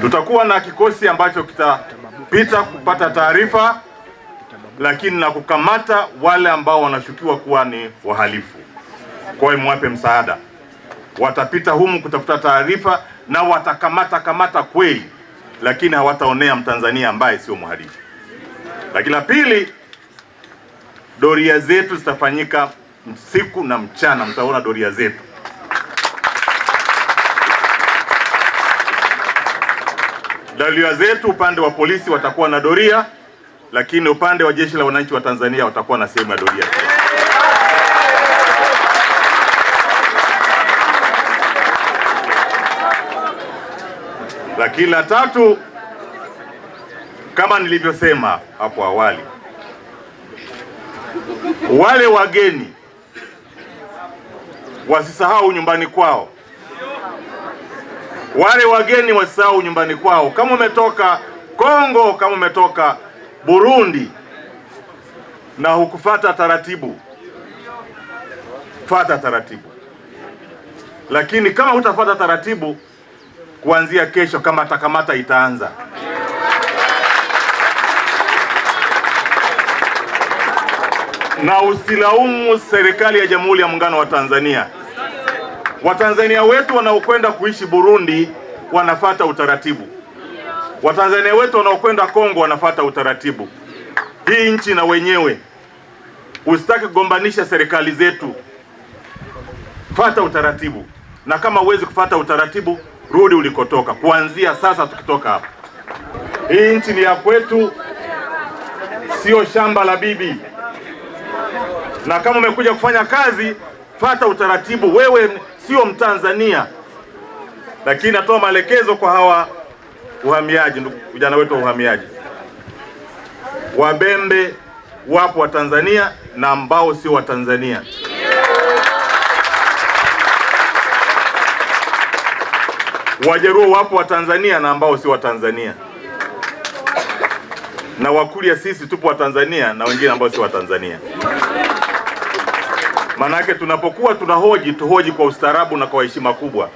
Tutakuwa na kikosi ambacho kitapita kupata taarifa, lakini na kukamata wale ambao wanashukiwa kuwa ni wahalifu. Kwa hiyo mwape msaada, watapita humu kutafuta taarifa na watakamata kamata kweli, lakini hawataonea mtanzania ambaye sio mhalifu. Lakini la pili, doria zetu zitafanyika siku na mchana, mtaona doria zetu Dalia zetu upande wa polisi watakuwa na doria, lakini upande wa jeshi la wananchi wa Tanzania watakuwa na sehemu ya doria. Lakini la tatu, kama nilivyosema hapo awali, wale wageni wasisahau nyumbani kwao. Wale wageni wasahau nyumbani kwao. Kama umetoka Kongo, kama umetoka Burundi na hukufata taratibu, fata taratibu. Lakini kama hutafata taratibu, kuanzia kesho kamata kamata itaanza. Na usilaumu serikali ya Jamhuri ya Muungano wa Tanzania. Watanzania wetu wanaokwenda kuishi Burundi wanafata utaratibu, Watanzania wetu wanaokwenda Kongo wanafata utaratibu. Hii nchi na wenyewe usitaki kugombanisha serikali zetu, fata utaratibu, na kama huwezi kufata utaratibu, rudi ulikotoka. Kuanzia sasa, tukitoka hapa, hii nchi ni ya kwetu, sio shamba la bibi, na kama umekuja kufanya kazi fata utaratibu. Wewe sio Mtanzania, lakini natoa maelekezo kwa hawa uhamiaji, vijana wetu wa uhamiaji. Wabembe wapo Watanzania na ambao sio Watanzania. Wajaruo wapo Watanzania na ambao sio Watanzania, na wakulia sisi tupo Watanzania na wengine ambao sio Watanzania. Maanake tunapokuwa tunahoji, tuhoji kwa ustaarabu na kwa heshima kubwa.